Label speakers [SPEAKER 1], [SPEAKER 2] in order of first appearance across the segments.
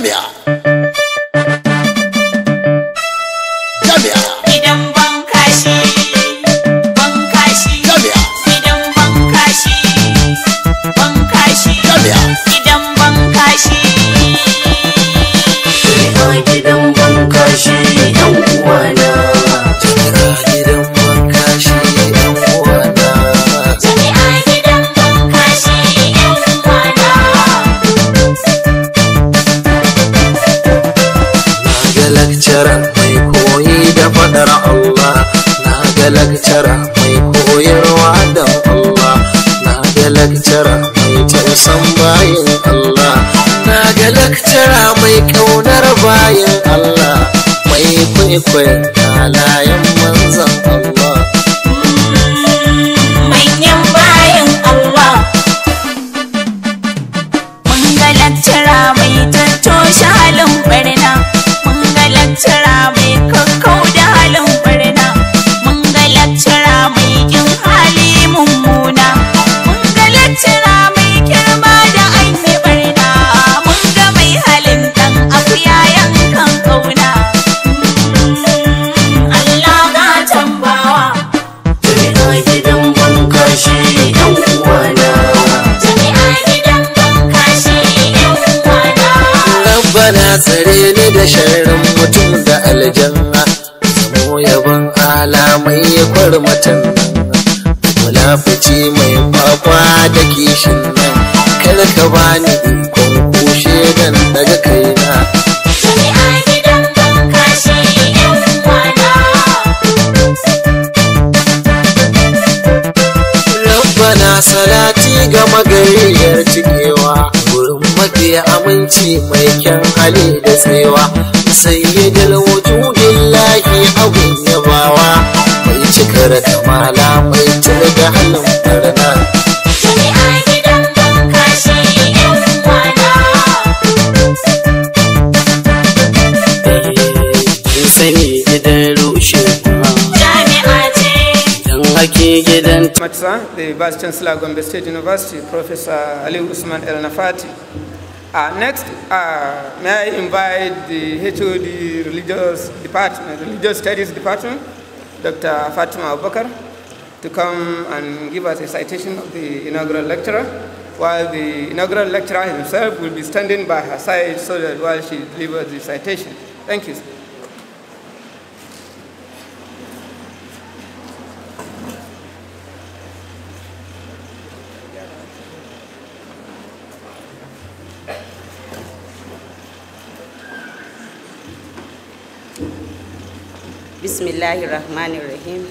[SPEAKER 1] Jamia. Jamia. quit tsare ni da sharrin mutum da aljanna zamo yabon alamai ya wala mulafici mai kwakwa da kishin nan kar ka bani ikon kushe don daga kaina sala da aminci mai kyan hali da tsayawa sayyidul wujudillahi abun yabawa mai cikar kamala mai turga halin barna
[SPEAKER 2] mai eh, gidan rushe jami'a ce gidan matsa the vice chancellor gombe state university professor ali usman el nafati Uh, next, uh, may I invite the HOD Religious Department, Religious Studies Department, Dr. Fatima Abubakar, to come and give us a citation of the inaugural lecturer, while the inaugural lecturer himself will be standing by her side so that while she delivers the citation. Thank you.
[SPEAKER 3] Bismillahir Rahmanir Rahim.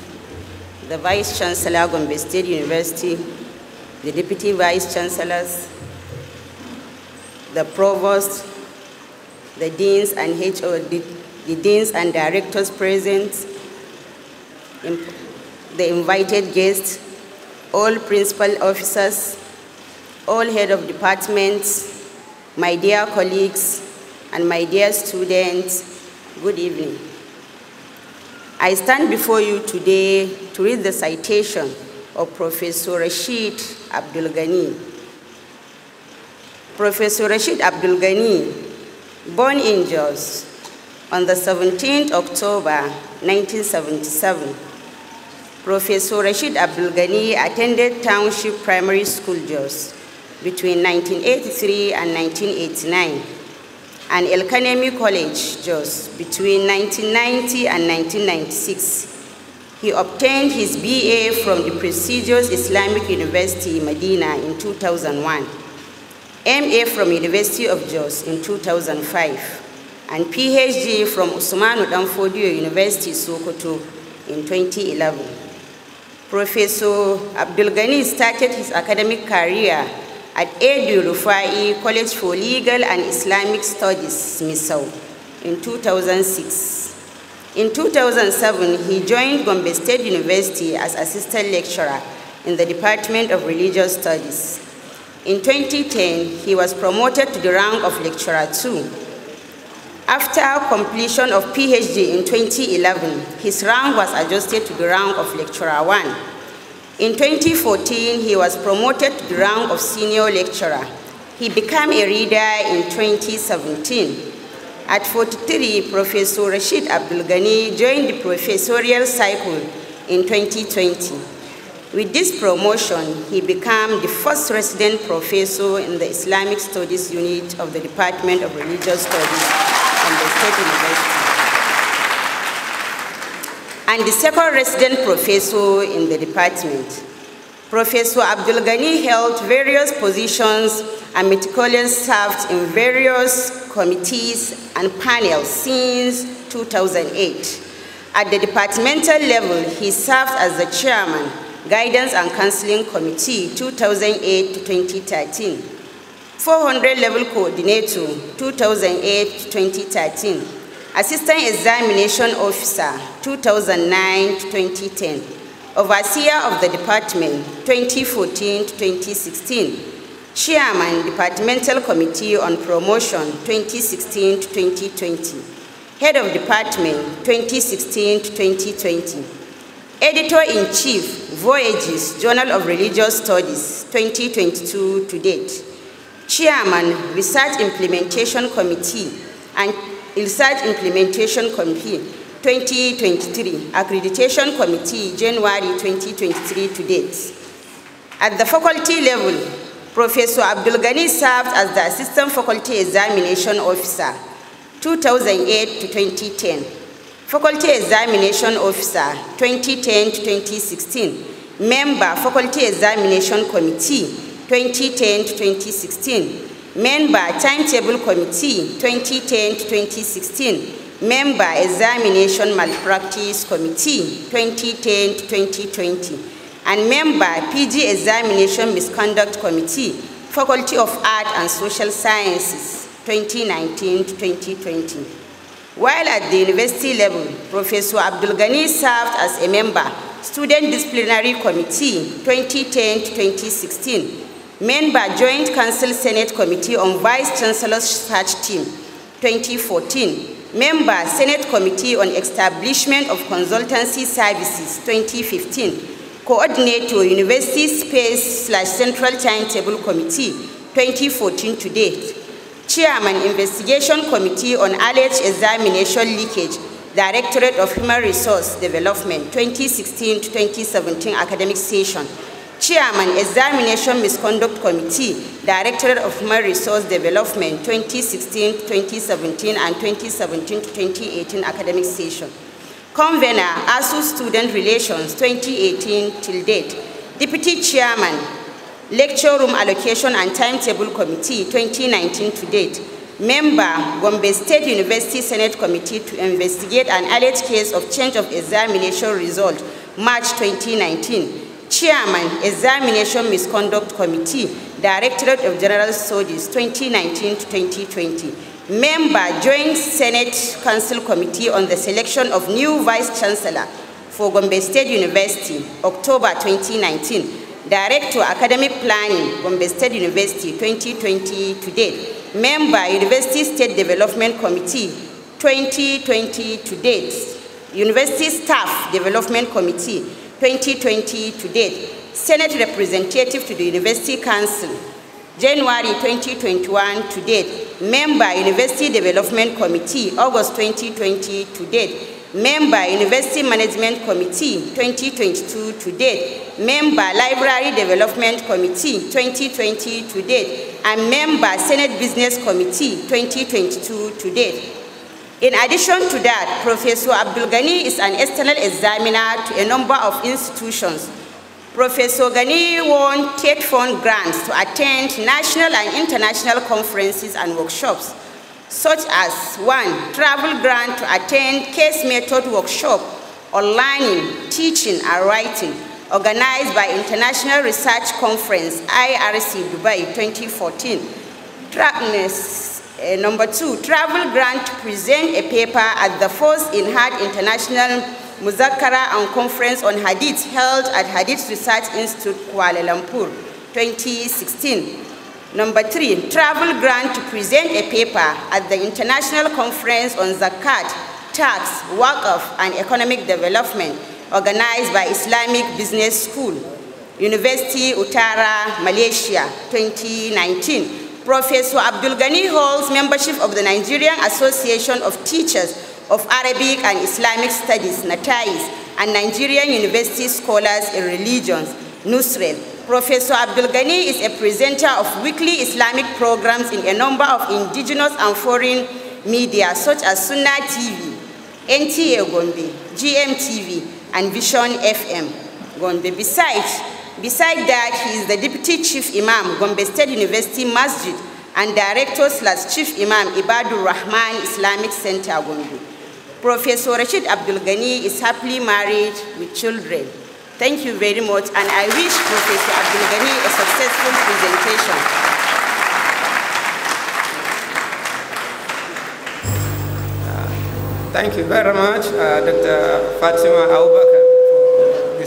[SPEAKER 3] The Vice Chancellor Gombe State University, the Deputy Vice Chancellors, the Provost, the Deans and the Deans and Directors present, the invited guests, all principal officers, all head of departments, my dear colleagues, and my dear students, good evening. I stand before you today to read the citation of Professor Rashid Abdul Ghani. Professor Rashid Abdul Ghani, born in Jos on the 17th October 1977, Professor Rashid Abdul Ghani attended Township Primary School Jos between 1983 and 1989 and Elkanemi College, Jos, between 1990 and 1996. He obtained his BA from the prestigious Islamic University, Medina, in 2001, MA from University of Jos in 2005, and PhD from Usmanu Danfodio University, Sokoto, in 2011. Professor Abdulgani started his academic career at Edu Rufai College for Legal and Islamic Studies, Misau, in 2006. In 2007, he joined Gombe State University as assistant lecturer in the Department of Religious Studies. In 2010, he was promoted to the rank of lecturer 2. After completion of PhD in 2011, his rank was adjusted to the rank of lecturer 1. In 2014, he was promoted to the rank of senior lecturer. He became a reader in 2017. At 43, Professor Rashid Abdulghani joined the professorial cycle in 2020. With this promotion, he became the first resident professor in the Islamic Studies Unit of the Department of Religious Studies and the State University and the second resident professor in the department. Professor Abdul Ghani held various positions and meticulously served in various committees and panels since 2008. At the departmental level, he served as the chairman, Guidance and Counseling Committee 2008 to 2013, 400 level coordinator 2008 to 2013, Assistant Examination Officer, 2009 2010. Overseer of the Department, 2014 2016. Chairman, Departmental Committee on Promotion, 2016 2020. Head of Department, 2016 2020. Editor-in-Chief, Voyages, Journal of Religious Studies, 2022 to date. Chairman, Research Implementation Committee and Research Implementation Committee 2023, Accreditation Committee January 2023 to date. At the faculty level, Professor Abdul Ghani served as the Assistant Faculty Examination Officer 2008 to 2010, Faculty Examination Officer 2010 to 2016, Member Faculty Examination Committee 2010 to 2016, Member Timetable Committee 2010 to 2016. Member Examination Malpractice Committee 2010 to 2020. And member PG Examination Misconduct Committee, Faculty of Art and Social Sciences 2019 to 2020. While at the university level, Professor Abdulghani served as a member, Student Disciplinary Committee 2010 to 2016 Member, Joint Council Senate Committee on Vice Chancellor's Search Team 2014, member Senate Committee on Establishment of Consultancy Services 2015, coordinator University Space slash Central Timetable Committee 2014 to date, chairman Investigation Committee on Alleged Examination Leakage Directorate of Human Resource Development 2016 to 2017 academic session Chairman, Examination Misconduct Committee, Directorate of Human Resource Development, 2016-2017 and 2017-2018 academic session. Convener, ASU Student Relations, 2018 till date. Deputy Chairman, Lecture Room Allocation and Timetable Committee, 2019 to date. Member, Gombe State University Senate Committee to investigate an alleged case of change of examination result, March 2019. Chairman, Examination Misconduct Committee, Directorate of General Studies, 2019 to 2020. Member, Joint Senate Council Committee on the Selection of New Vice Chancellor for Gombe State University, October 2019. Director, Academic Planning, Gombe State University, 2020 to date. Member, University State Development Committee, 2020 to date. University Staff Development Committee, 2020 to date, Senate Representative to the University Council, January 2021 to date, Member University Development Committee, August 2020 to date, Member University Management Committee 2022 to date, Member Library Development Committee 2020 to date, and Member Senate Business Committee 2022 to date. In addition to that, Professor Abdul Ghani is an external examiner to a number of institutions. Professor Ghani won TED Fund grants to attend national and international conferences and workshops, such as one, travel grant to attend case method workshop on learning, teaching, and writing, organized by International Research Conference, IRC Dubai 2014. Trackness uh, number two, travel grant to present a paper at the Force in Hard International Muzakara and Conference on Hadith held at Hadith Research Institute, Kuala Lumpur, 2016. Number three, travel grant to present a paper at the International Conference on Zakat, Tax, of and Economic Development organized by Islamic Business School, University Utara, Malaysia, 2019. Professor Abdul Ghani holds membership of the Nigerian Association of Teachers of Arabic and Islamic Studies, NATAIS, and Nigerian University Scholars in Religions, NUSREL. Professor Abdul Ghani is a presenter of weekly Islamic programs in a number of indigenous and foreign media, such as Sunna TV, NTA Gombe, GMTV, and Vision FM Gombe. Besides, Besides that, he is the Deputy Chief Imam, Gombe State University Masjid, and Director slash Chief Imam Ibadur Rahman Islamic Center, Gombe. Professor Rashid Abdul Ghani is happily married with children. Thank you very much, and I wish Professor Abdul Ghani a successful presentation.
[SPEAKER 2] Thank you very much, uh, Dr. Fatima Aubak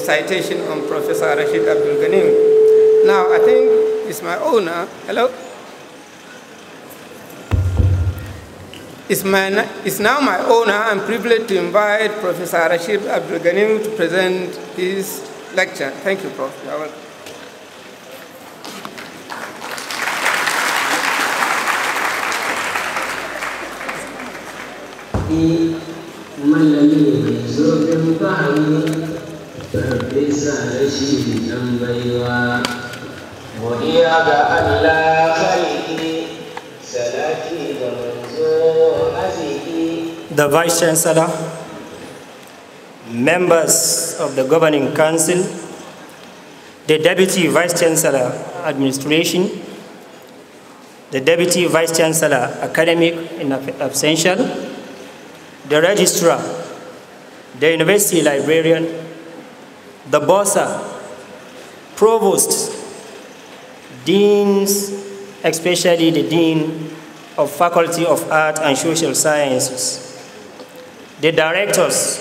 [SPEAKER 2] citation on Professor Rashid Abdul Ghanim. Now, I think it's my owner. Hello? It's, my, it's now my honor and privilege to invite Professor Rashid Abdul Ghanim to present his lecture. Thank you, Prof. You're welcome.
[SPEAKER 1] Thank you the
[SPEAKER 4] vice chancellor members of the governing council the deputy vice chancellor administration the Deputy Vice Chancellor Academic in Absential, the Registrar, the University Librarian, the bossa, provost, deans, especially the dean of Faculty of Art and Social Sciences, the directors,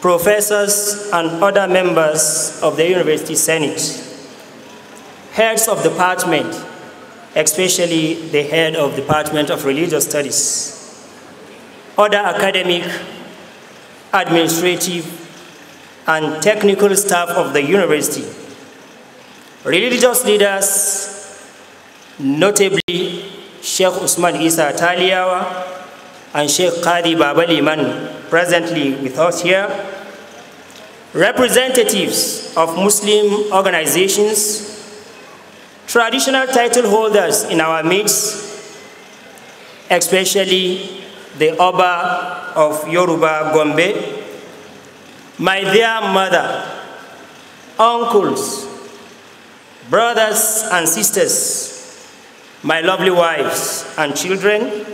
[SPEAKER 4] professors and other members of the University Senate, heads of department, especially the head of Department of Religious Studies, other academic, administrative, and technical staff of the university, religious leaders, notably Sheikh Usman Isa Taliawa and Sheikh Qadi Babaliman, presently with us here, representatives of Muslim organizations, traditional title holders in our midst, especially the Oba of Yoruba Gombe, my dear mother, uncles, brothers and sisters, my lovely wives and children,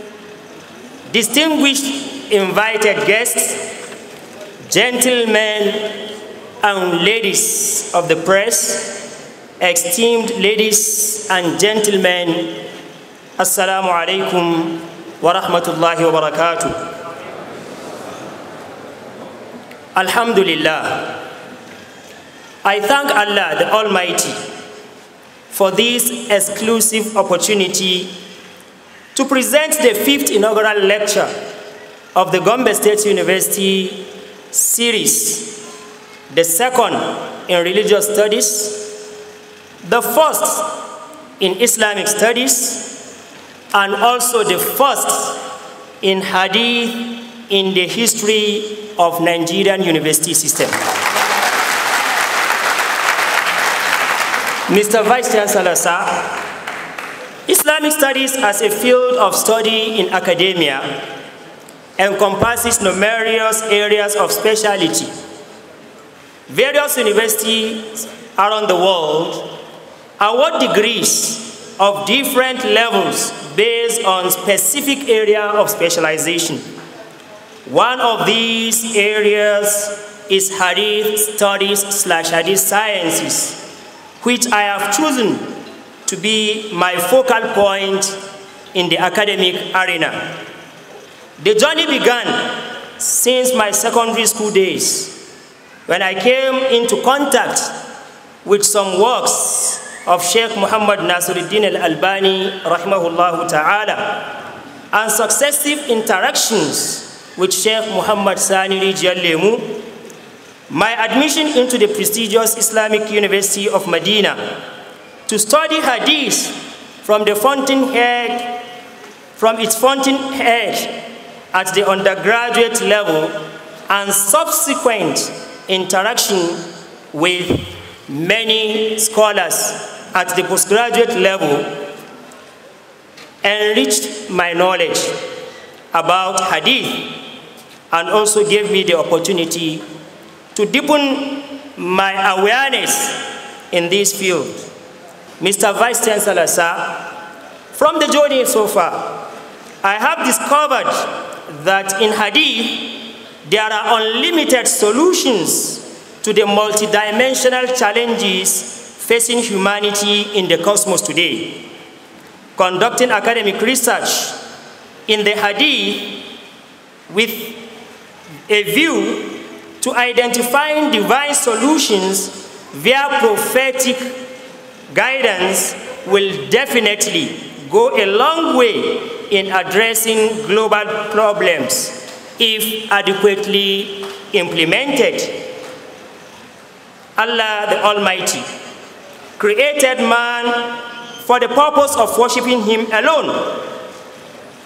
[SPEAKER 4] distinguished invited guests, gentlemen and ladies of the press, esteemed ladies and gentlemen, Assalamu alaikum wa rahmatullahi wa barakatuh. Alhamdulillah. I thank Allah the Almighty for this exclusive opportunity to present the fifth inaugural lecture of the Gombe State University series, the second in religious studies, the first in Islamic studies, and also the first in Hadith in the history of Nigerian university system. Mr. Vice Chancellor, sir, Islamic studies as a field of study in academia encompasses numerous areas of speciality. Various universities around the world award degrees of different levels based on specific area of specialization. One of these areas is Hadith studies slash Hadith sciences, which I have chosen to be my focal point in the academic arena. The journey began since my secondary school days when I came into contact with some works of Sheikh Muhammad Nasiruddin al-Albani rahimahullah ta'ala and successive interactions with Sheikh Muhammad Sani Rijal my admission into the prestigious Islamic University of Medina to study Hadith from the fountainhead, from its fountainhead at the undergraduate level and subsequent interaction with many scholars at the postgraduate level enriched my knowledge about hadith and also gave me the opportunity to deepen my awareness in this field. Mr. Vice Chancellor, sir, from the journey so far, I have discovered that in Hadith, there are unlimited solutions to the multidimensional challenges facing humanity in the cosmos today. Conducting academic research in the Hadith with a view to identifying divine solutions via prophetic guidance will definitely go a long way in addressing global problems if adequately implemented. Allah the Almighty created man for the purpose of worshiping him alone.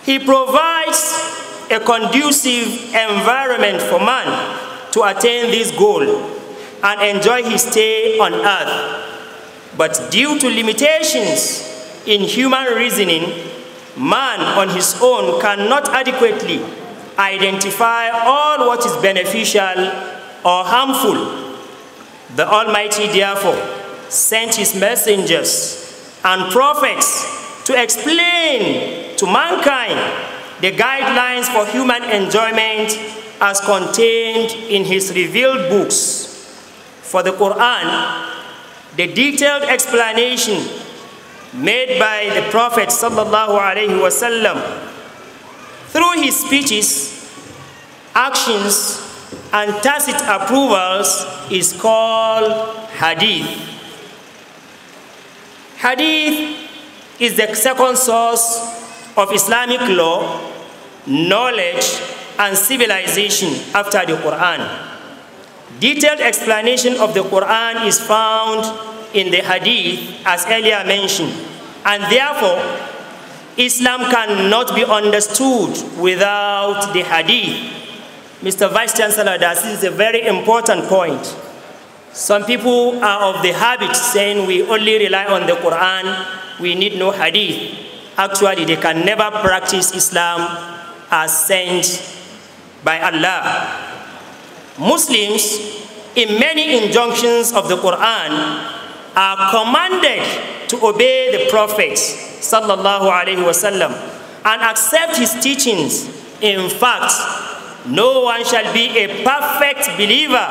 [SPEAKER 4] He provides a conducive environment for man to attain this goal and enjoy his stay on earth. But due to limitations in human reasoning, man on his own cannot adequately identify all what is beneficial or harmful. The Almighty, therefore, sent his messengers and prophets to explain to mankind the guidelines for human enjoyment as contained in his revealed books. For the Quran, the detailed explanation made by the Prophet wasallam through his speeches, actions, and tacit approvals is called hadith. Hadith is the second source of Islamic law knowledge, and civilization after the Quran. Detailed explanation of the Quran is found in the Hadith as earlier mentioned, and therefore, Islam cannot be understood without the Hadith. Mr. Vice Chancellor, this is a very important point. Some people are of the habit saying we only rely on the Quran, we need no Hadith. Actually, they can never practice Islam are sent by Allah. Muslims, in many injunctions of the Quran, are commanded to obey the Prophet sallallahu alaihi wasallam and accept his teachings. In fact, no one shall be a perfect believer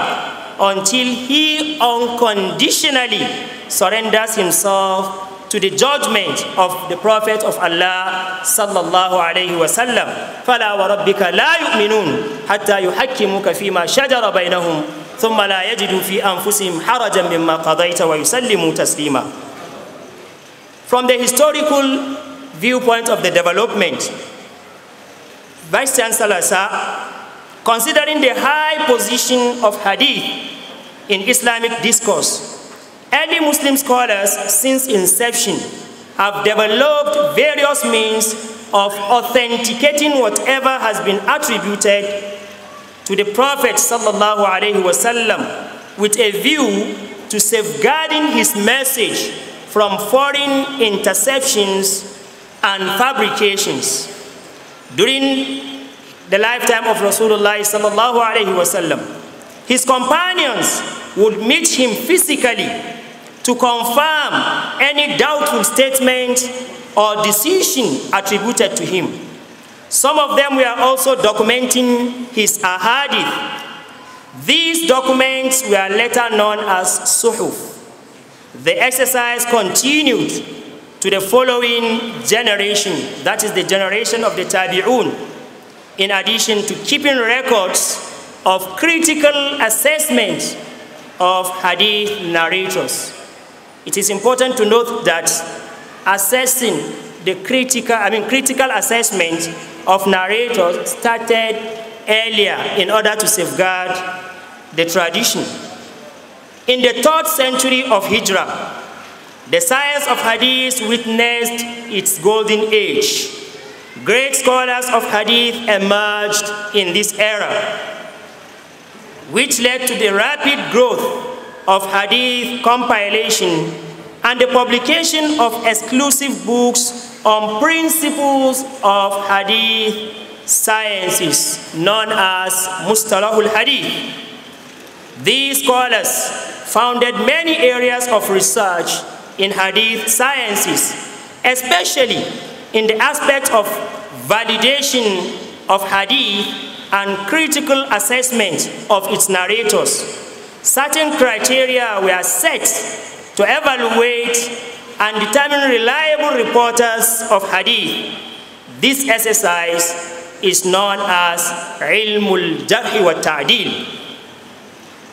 [SPEAKER 4] until he unconditionally surrenders himself to the judgment of the Prophet of Allah sallallahu alayhi wa sallam. فَلَا وَرَبِّكَ لَا يُؤْمِنُونَ حَتَّى يُحَكِّمُكَ فِيمَا شَجَرَ بَيْنَهُمْ ثُمَّ لَا يَجِدُوا فِي أَنفُسِهِمْ حَرَجًا مِمَّا قَضَيْتَ وَيُسَلِّمُوا تَسْلِيمًا From the historical viewpoint of the development, Vice Chancellor Sir, considering the high position of Hadith in Islamic discourse, Early Muslim scholars since inception have developed various means of authenticating whatever has been attributed to the Prophet sallallahu alaihi wasallam with a view to safeguarding his message from foreign interceptions and fabrications. During the lifetime of Rasulullah sallallahu alaihi wasallam, his companions would meet him physically to confirm any doubtful statement or decision attributed to him. Some of them were also documenting his ahadith. These documents were later known as suhuf. The exercise continued to the following generation, that is the generation of the Tabi'un, in addition to keeping records of critical assessment of hadith narrators. It is important to note that assessing the critical, I mean, critical assessment of narrators started earlier in order to safeguard the tradition. In the third century of Hijrah, the science of hadith witnessed its golden age. Great scholars of hadith emerged in this era, which led to the rapid growth of hadith compilation and the publication of exclusive books on principles of hadith sciences known as Mustalahul Hadith. These scholars founded many areas of research in hadith sciences, especially in the aspect of validation of hadith and critical assessment of its narrators, certain criteria were set to evaluate and determine reliable reporters of hadith. This exercise is known as Ilmul Jahi wa Ta'dil.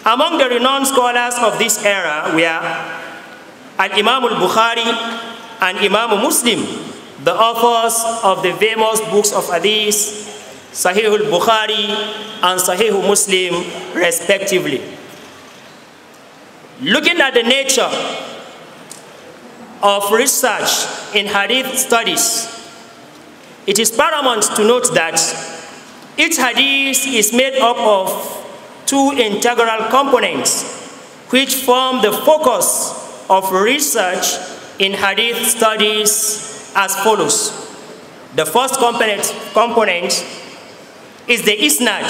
[SPEAKER 4] Among the renowned scholars of this era were Al-Imam al-Bukhari and Imam Muslim, the authors of the famous books of hadith Sahih al-Bukhari and Sahih Muslim respectively. Looking at the nature of research in hadith studies, it is paramount to note that each hadith is made up of two integral components which form the focus of research in hadith studies as follows. The first component, component is the isnad,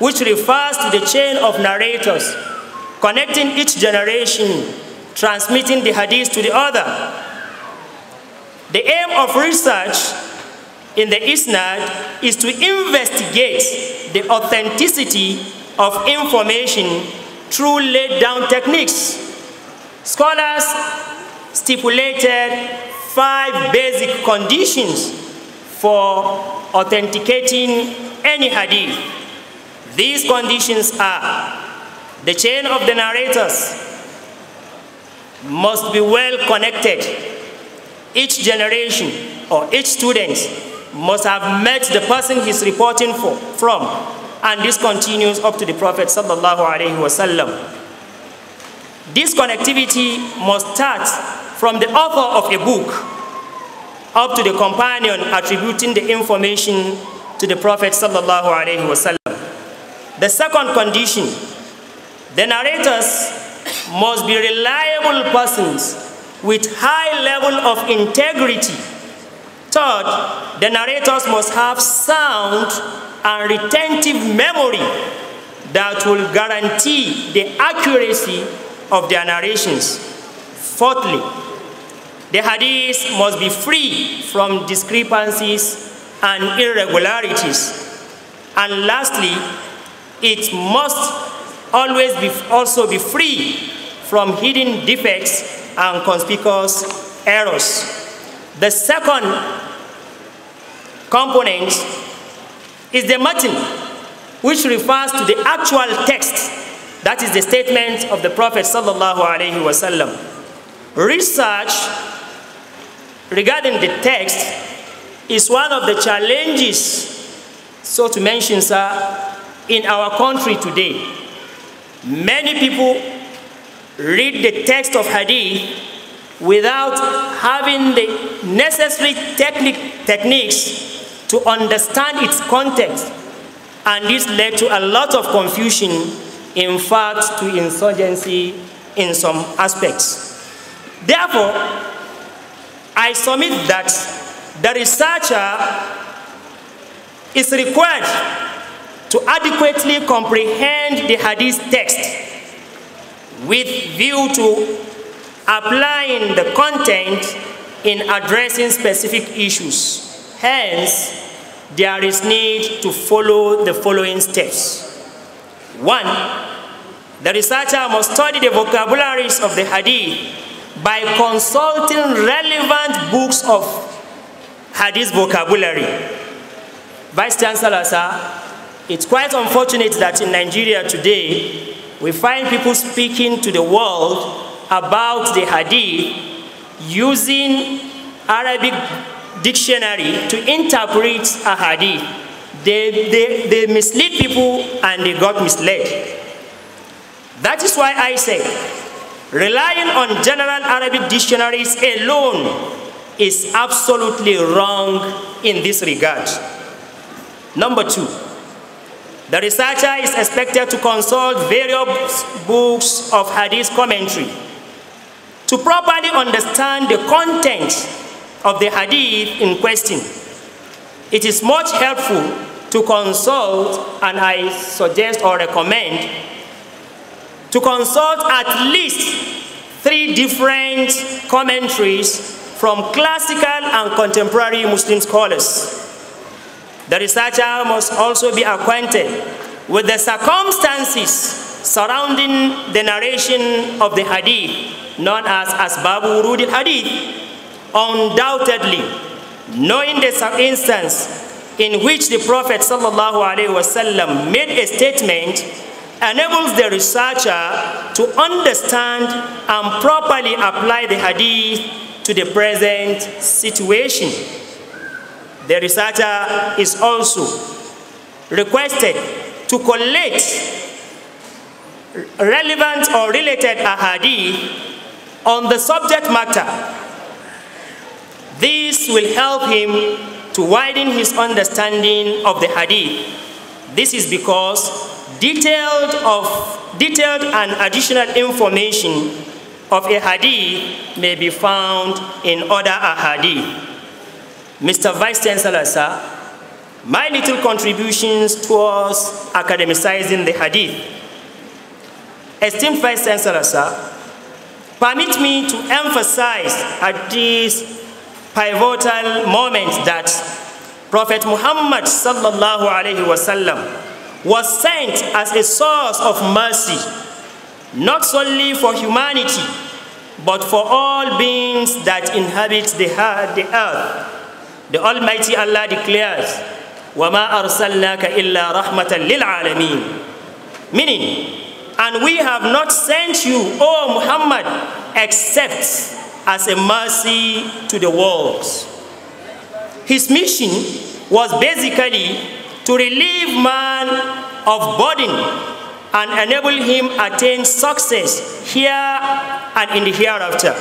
[SPEAKER 4] which refers to the chain of narrators connecting each generation, transmitting the hadith to the other. The aim of research in the isnad is to investigate the authenticity of information through laid down techniques. Scholars stipulated five basic conditions for authenticating any hadith. These conditions are the chain of the narrators must be well connected. Each generation or each student must have met the person he's reporting for, from. And this continues up to the Prophet wasallam. This connectivity must start from the author of a book up to the companion attributing the information to the Prophet sallallahu alaihi wasallam. The second condition, the narrators must be reliable persons with high level of integrity. Third, the narrators must have sound and retentive memory that will guarantee the accuracy of their narrations. Fourthly, the hadith must be free from discrepancies and irregularities. And lastly, it must always be also be free from hidden defects and conspicuous errors. The second component is the matin, which refers to the actual text, that is the statement of the Prophet Research regarding the text is one of the challenges, so to mention, sir, in our country today. Many people read the text of hadith without having the necessary technic techniques to understand its context. And this led to a lot of confusion, in fact, to insurgency in some aspects. Therefore, I submit that the researcher is required to adequately comprehend the hadith text with view to applying the content in addressing specific issues. Hence, there is need to follow the following steps. One, the researcher must study the vocabularies of the hadith by consulting relevant books of hadith vocabulary. Vice Chancellor, sir, it's quite unfortunate that in Nigeria today, we find people speaking to the world about the hadith using Arabic dictionary to interpret a hadith. They, they, they mislead people and they got misled. That is why I say, relying on general Arabic dictionaries alone is absolutely wrong in this regard. Number two, the researcher is expected to consult various books of hadith commentary to properly understand the content of the hadith in question. It is much helpful to consult, and I suggest or recommend, to consult at least three different commentaries from classical and contemporary Muslim scholars. The researcher must also be acquainted with the circumstances surrounding the narration of the hadith, known as Asbabu Urudil Hadith. Undoubtedly, knowing the instance in which the Prophet wasallam made a statement enables the researcher to understand and properly apply the hadith to the present situation. The researcher is also requested to collect relevant or related hadith on the subject matter. This will help him to widen his understanding of the hadith. This is because detailed, of, detailed and additional information of a hadith may be found in other ahadith. Mr. Vice Chancellor, sir, my little contributions towards academicizing the hadith. Esteemed Vice Chancellor, sir, permit me to emphasize at this pivotal moment that Prophet Muhammad sallallahu alayhi wasallam was sent as a source of mercy not solely for humanity, but for all beings that inhabit the earth. The Almighty Allah declares, وَمَا أَرْسَلْنَاكَ إِلَّا رَحْمَةً لِلْعَالَمِينَ Meaning, and we have not sent you, O Muhammad, except as a mercy to the world. His mission was basically to relieve man of burden and enable him attain success here and in the hereafter.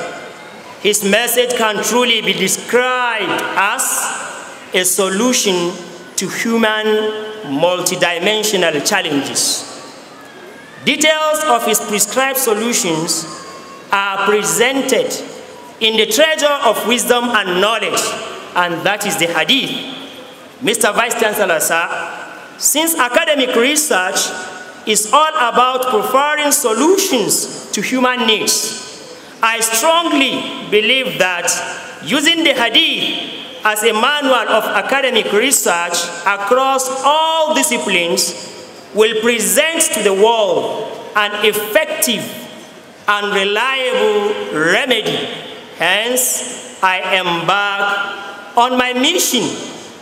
[SPEAKER 4] His message can truly be described as a solution to human multidimensional challenges. Details of his prescribed solutions are presented in the treasure of wisdom and knowledge, and that is the hadith. Mr. Vice Chancellor, sir, since academic research is all about preferring solutions to human needs. I strongly believe that using the Hadith as a manual of academic research across all disciplines will present to the world an effective and reliable remedy. Hence, I embark on my mission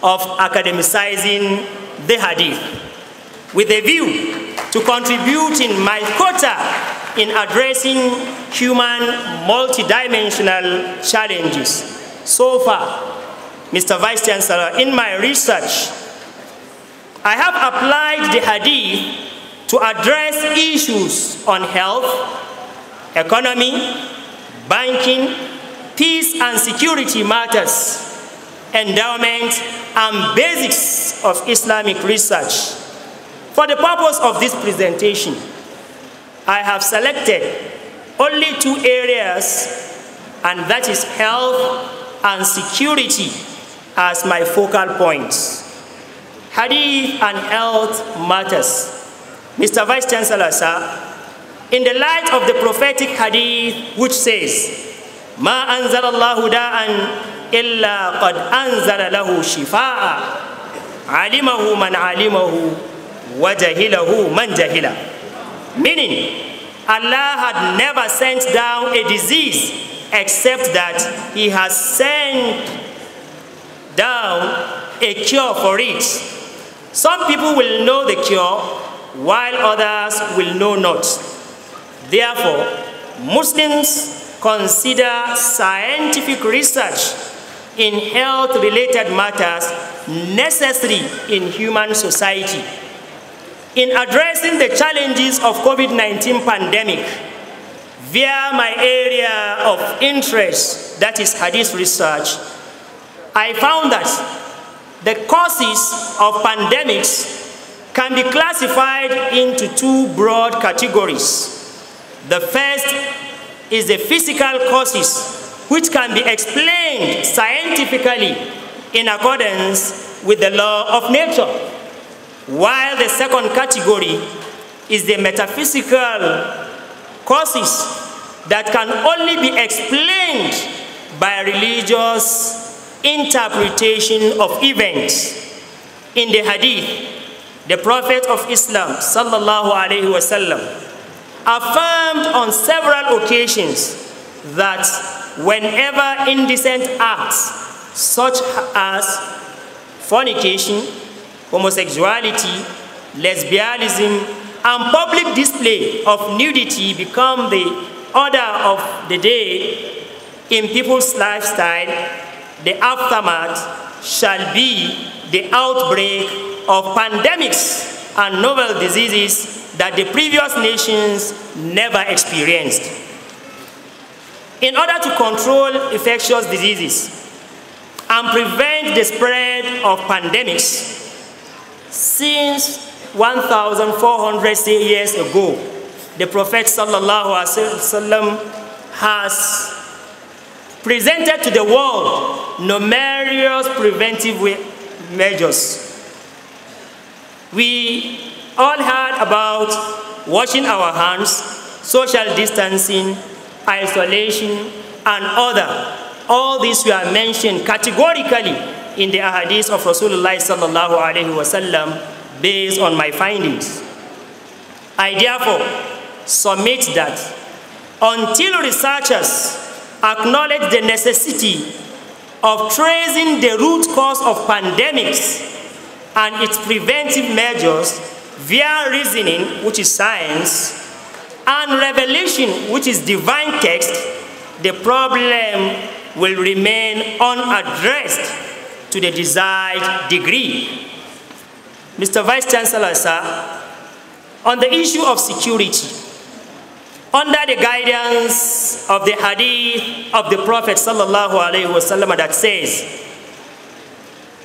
[SPEAKER 4] of academicizing the Hadith with a view to contribute in my quota in addressing human multidimensional challenges. So far, Mr. Vice Chancellor, in my research, I have applied the Hadith to address issues on health, economy, banking, peace and security matters, endowment, and basics of Islamic research. For the purpose of this presentation, I have selected only two areas, and that is health and security as my focal points. Hadith and health matters. Mr. Vice Chancellor, sir, in the light of the prophetic hadith which says, ما أنزل الله داء illa qad anzal له شفاء alimahu man alimahu." وَجَهِلَهُ مَنْ Meaning, Allah had never sent down a disease except that He has sent down a cure for it. Some people will know the cure, while others will know not. Therefore, Muslims consider scientific research in health-related matters necessary in human society. In addressing the challenges of COVID-19 pandemic, via my area of interest, that is Hadith research, I found that the causes of pandemics can be classified into two broad categories. The first is the physical causes, which can be explained scientifically in accordance with the law of nature. While the second category is the metaphysical causes that can only be explained by religious interpretation of events. In the hadith, the Prophet of Islam sallallahu alaihi wasallam affirmed on several occasions that whenever indecent acts such as fornication, homosexuality, lesbianism, and public display of nudity become the order of the day in people's lifestyle, the aftermath shall be the outbreak of pandemics and novel diseases that the previous nations never experienced. In order to control infectious diseases and prevent the spread of pandemics, since 1,400 years ago, the Prophet sallallahu has presented to the world numerous preventive measures. We all heard about washing our hands, social distancing, isolation, and other. All these were mentioned categorically in the ahadith of Rasulullah sallallahu alaihi wasallam based on my findings. I therefore submit that until researchers acknowledge the necessity of tracing the root cause of pandemics and its preventive measures via reasoning, which is science, and revelation, which is divine text, the problem will remain unaddressed to the desired degree. Mr. Vice Chancellor, sir, on the issue of security, under the guidance of the hadith of the Prophet sallallahu alaihi wasallam that says,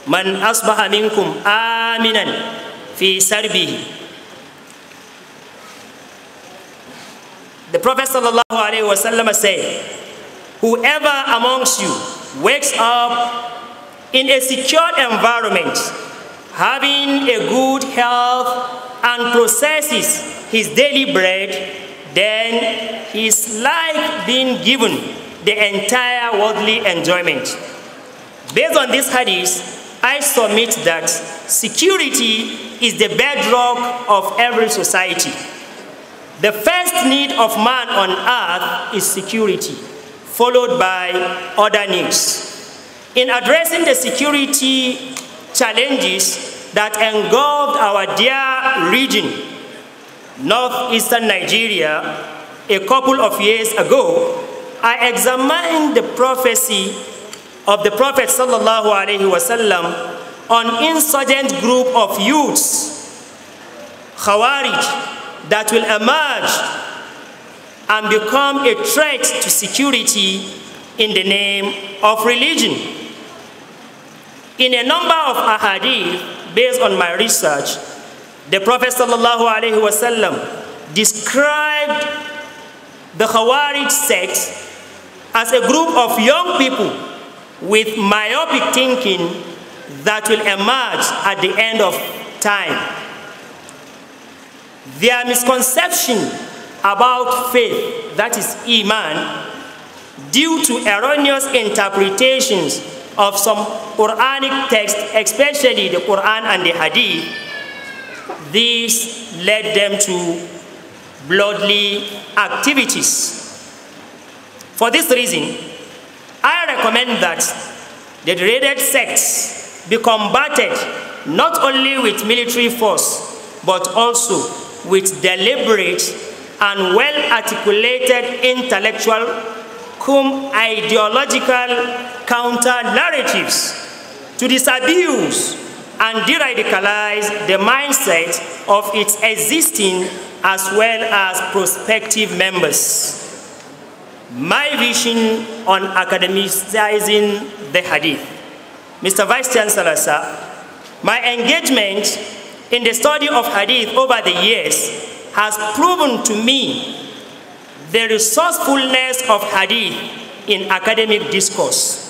[SPEAKER 4] "Man asbaha minkum aminan fi sarbihi." The Prophet sallallahu alaihi wasallam said, "Whoever amongst you wakes up in a secure environment, having a good health and processes his daily bread, then his life being given the entire worldly enjoyment. Based on this hadith, I submit that security is the bedrock of every society. The first need of man on earth is security, followed by other needs in addressing the security challenges that engulfed our dear region, northeastern Nigeria, a couple of years ago, I examined the prophecy of the Prophet sallallahu alaihi wasallam on insurgent group of youths, Khawarij, that will emerge and become a threat to security in the name of religion. In a number of ahadith, based on my research, the Prophet wasallam described the Khawarij sect as a group of young people with myopic thinking that will emerge at the end of time. Their misconception about faith, that is Iman, due to erroneous interpretations of some Quranic texts, especially the Quran and the Hadith, this led them to bloodly activities. For this reason, I recommend that the dreaded sects be combated not only with military force, but also with deliberate and well-articulated intellectual cum ideological counter-narratives to disabuse and de-radicalize the mindset of its existing as well as prospective members. My vision on academicizing the Hadith. Mr. Vice Chancellor, sir, my engagement in the study of Hadith over the years has proven to me the resourcefulness of Hadith in academic discourse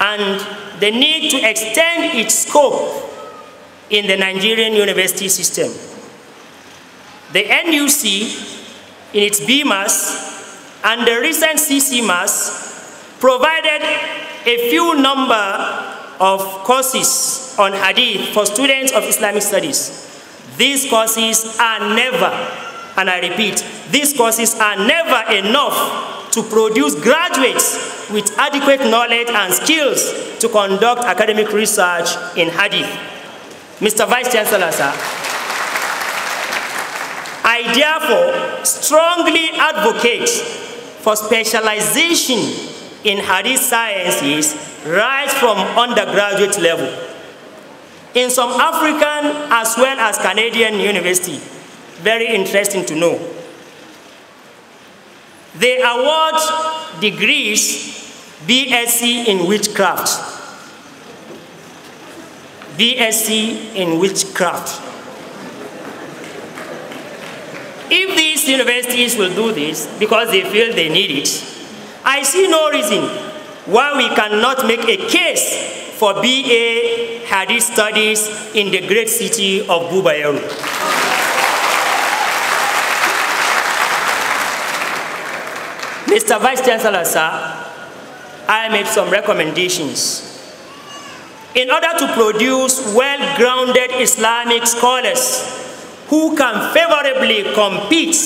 [SPEAKER 4] and the need to extend its scope in the Nigerian university system. The NUC, in its BMAS and the recent CCMAS, provided a few number of courses on Hadith for students of Islamic studies. These courses are never, and I repeat, these courses are never enough to produce graduates with adequate knowledge and skills to conduct academic research in Hadith. Mr. Vice Chancellor, sir, I therefore strongly advocate for specialization in Hadith sciences right from undergraduate level. In some African as well as Canadian university, very interesting to know. They award degrees BSc in witchcraft. BSc in witchcraft. If these universities will do this because they feel they need it, I see no reason why we cannot make a case for BA Hadith studies in the great city of Bubayeru. Mr. Vice Chancellor, sir, I made some recommendations. In order to produce well-grounded Islamic scholars who can favorably compete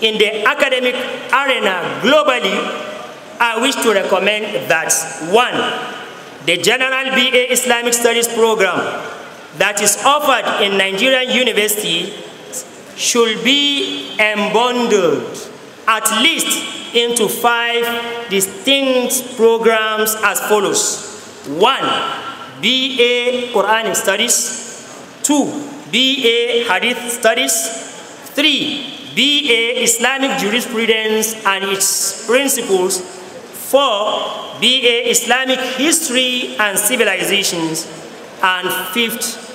[SPEAKER 4] in the academic arena globally, I wish to recommend that one, the General BA Islamic Studies program that is offered in Nigerian universities should be embundled at least into five distinct programs as follows. One, BA Quranic Studies. Two, BA Hadith Studies. Three, BA Islamic Jurisprudence and its Principles. Four, BA Islamic History and Civilizations. And fifth,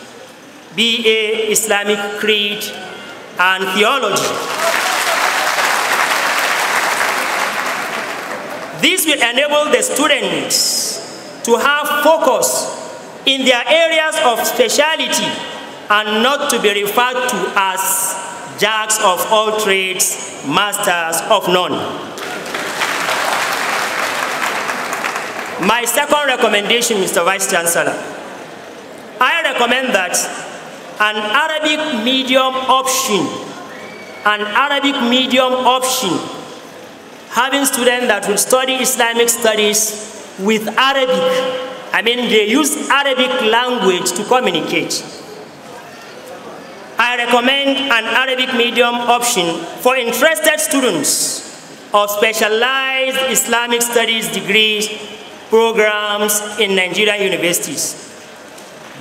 [SPEAKER 4] BA Islamic Creed and Theology. This will enable the students to have focus in their areas of speciality and not to be referred to as jacks of all trades, masters of none. My second recommendation, Mr. Vice Chancellor, I recommend that an Arabic medium option, an Arabic medium option having students that will study Islamic studies with Arabic. I mean, they use Arabic language to communicate. I recommend an Arabic medium option for interested students of specialized Islamic studies degrees programs in Nigerian universities.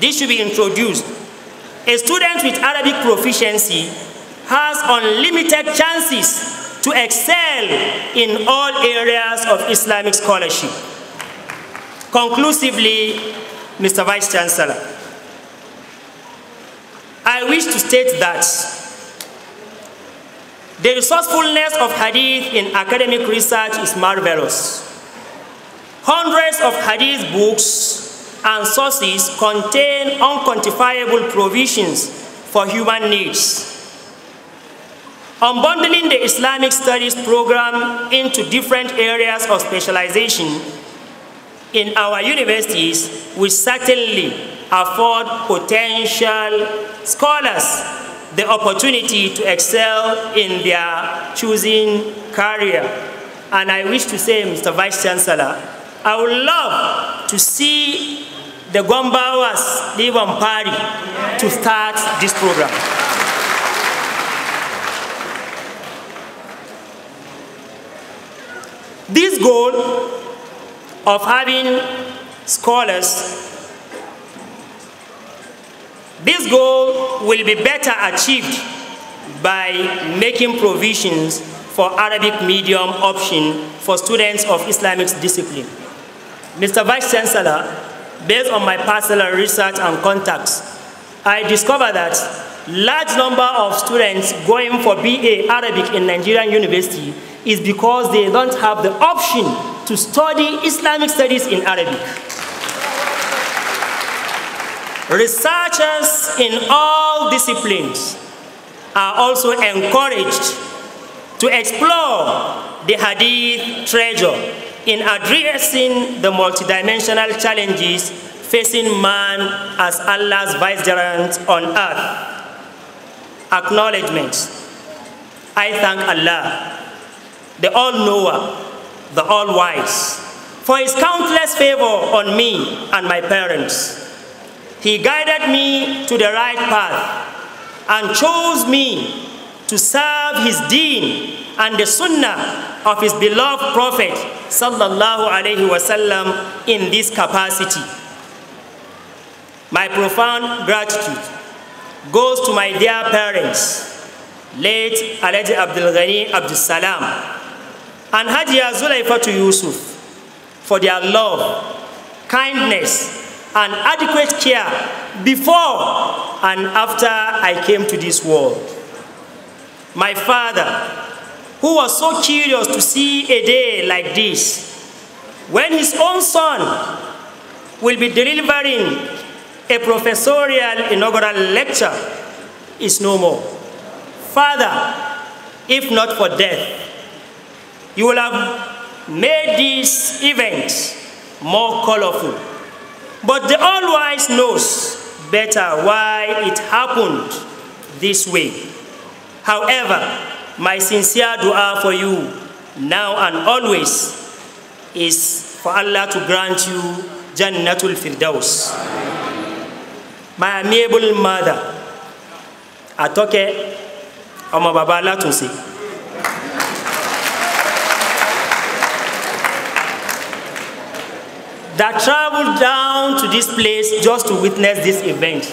[SPEAKER 4] This should be introduced. A student with Arabic proficiency has unlimited chances to excel in all areas of Islamic scholarship. Conclusively, Mr. Vice-Chancellor, I wish to state that the resourcefulness of hadith in academic research is marvelous. Hundreds of hadith books and sources contain unquantifiable provisions for human needs Unbundling the Islamic Studies program into different areas of specialization in our universities will certainly afford potential scholars the opportunity to excel in their choosing career. And I wish to say, Mr. Vice Chancellor, I would love to see the Gombawas Liban Party to start this program. This goal of having scholars, this goal will be better achieved by making provisions for Arabic medium option for students of Islamic discipline. Mr. Vice Chancellor, based on my personal research and contacts, I discovered that large number of students going for BA Arabic in Nigerian university is because they don't have the option to study Islamic studies in Arabic. Researchers in all disciplines are also encouraged to explore the Hadith treasure in addressing the multidimensional challenges facing man as Allah's vicegerent on earth. Acknowledgements. I thank Allah the all-knower, the all-wise, for his countless favor on me and my parents. He guided me to the right path and chose me to serve his deen and the sunnah of his beloved prophet sallallahu alaihi wasallam in this capacity. My profound gratitude goes to my dear parents, late Alaji Abdul Ghani Abdul Salam, and Hajiya Zulaifa to Yusuf for their love, kindness, and adequate care before and after I came to this world. My father, who was so curious to see a day like this, when his own son will be delivering a professorial inaugural lecture, is no more. Father, if not for death, you will have made these events more colorful. But the All-Wise knows better why it happened this way. However, my sincere dua for you now and always is for Allah to grant you Jannatul Firdaus. My amiable mother, Atoke, Amababala Baba that traveled down to this place just to witness this event.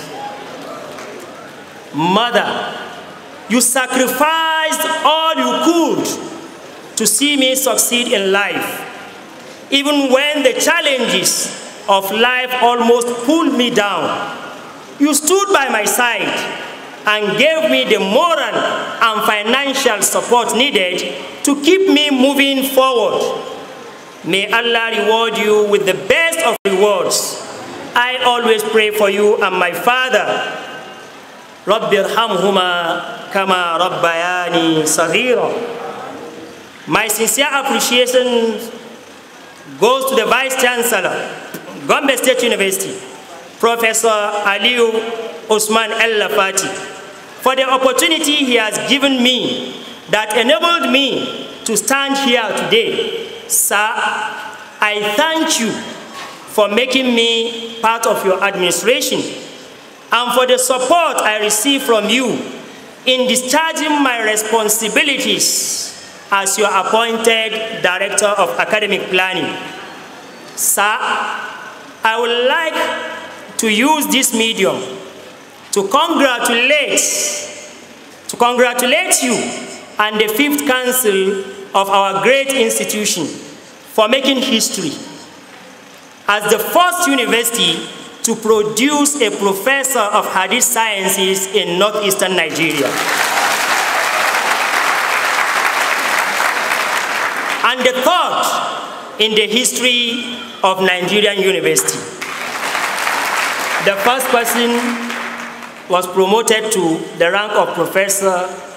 [SPEAKER 4] Mother, you sacrificed all you could to see me succeed in life, even when the challenges of life almost pulled me down. You stood by my side and gave me the moral and financial support needed to keep me moving forward May Allah reward you with the best of rewards. I always pray for you and my father. kama rabbayani saghira. My sincere appreciation goes to the Vice Chancellor, Gombe State University, Professor Aliu Osman El Lafati, for the opportunity he has given me that enabled me to stand here today Sir, I thank you for making me part of your administration and for the support I receive from you in discharging my responsibilities as your appointed Director of Academic Planning. Sir, I would like to use this medium to congratulate, to congratulate you and the Fifth Council of our great institution for making history as the first university to produce a professor of Hadith sciences in northeastern Nigeria. And the third in the history of Nigerian university. The first person was promoted to the rank of professor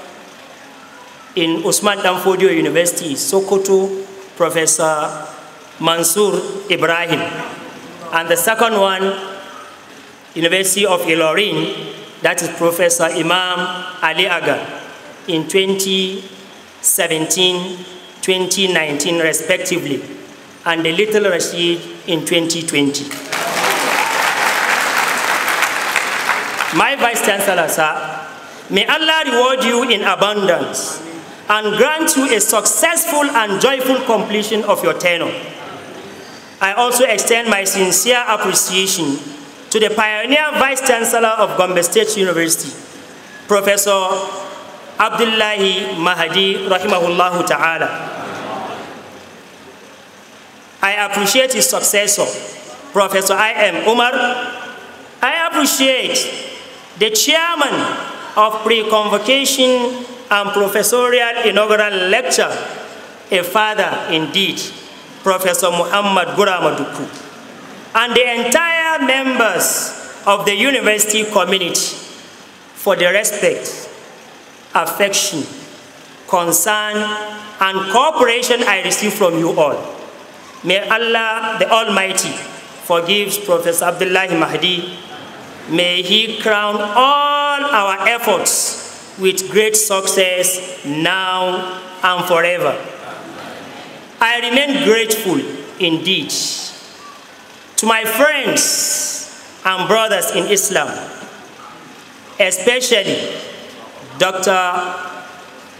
[SPEAKER 4] in Usman Danfodio University, Sokoto, Professor Mansur Ibrahim. And the second one, University of Ilorin, that is Professor Imam Ali Aga, in 2017, 2019 respectively, and the Little Rashid in 2020. My Vice Chancellor, sir, may Allah reward you in abundance and grant you a successful and joyful completion of your tenure. I also extend my sincere appreciation to the pioneer Vice Chancellor of Gombe State University, Professor Abdullahi Mahadi Rahimahullahu Ta'ala. I appreciate his successor, Professor I. M. Umar. I appreciate the chairman of pre-convocation and professorial inaugural lecture, a father indeed, Professor Muhammad Guramaduku, and the entire members of the university community for the respect, affection, concern, and cooperation I receive from you all. May Allah the Almighty forgive Professor Abdullah Mahdi. May he crown all our efforts with great success now and forever. I remain grateful indeed to my friends and brothers in Islam, especially Dr.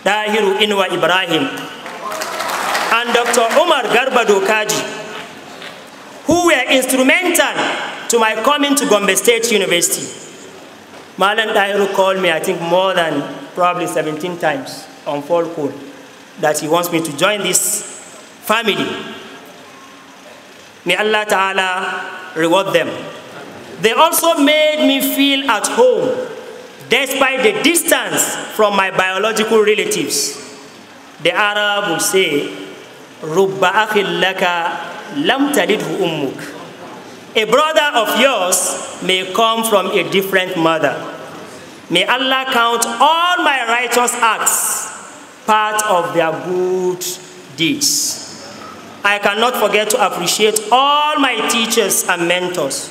[SPEAKER 4] Dahiru Inwa Ibrahim and Dr. Omar Garbado Kaji, who were instrumental to my coming to Gombe State University. Marlon Dairo called me, I think, more than probably 17 times on phone call that he wants me to join this family. May Allah Ta'ala reward them. They also made me feel at home despite the distance from my biological relatives. The Arab will say, Rubba akhil laka lam talidhu ummuk. A brother of yours may come from a different mother. May Allah count all my righteous acts part of their good deeds. I cannot forget to appreciate all my teachers and mentors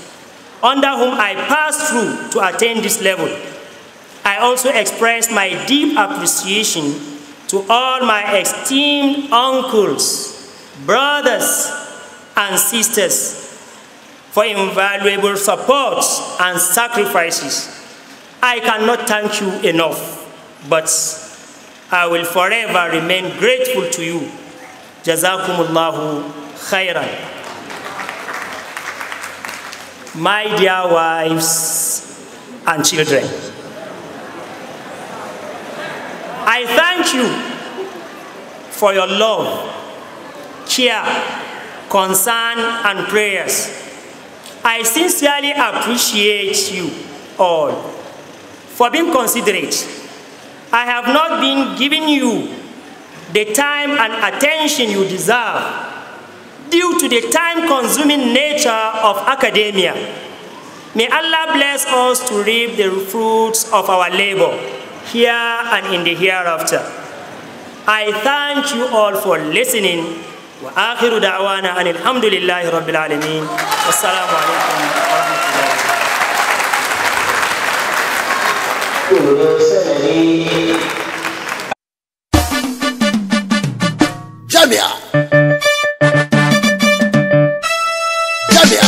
[SPEAKER 4] under whom I passed through to attain this level. I also express my deep appreciation to all my esteemed uncles, brothers, and sisters for invaluable support and sacrifices. I cannot thank you enough, but I will forever remain grateful to you. Jazakumullahu khairan. My dear wives and children, I thank you for your love, care, concern, and prayers I sincerely appreciate you all for being considerate. I have not been giving you the time and attention you deserve due to the time-consuming nature of academia. May Allah bless us to reap the fruits of our labor here and in the hereafter. I thank you all for listening واخر دعوانا ان الحمد لله رب العالمين والسلام عليكم ورحمه الله
[SPEAKER 1] جميع جميع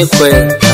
[SPEAKER 1] you quit.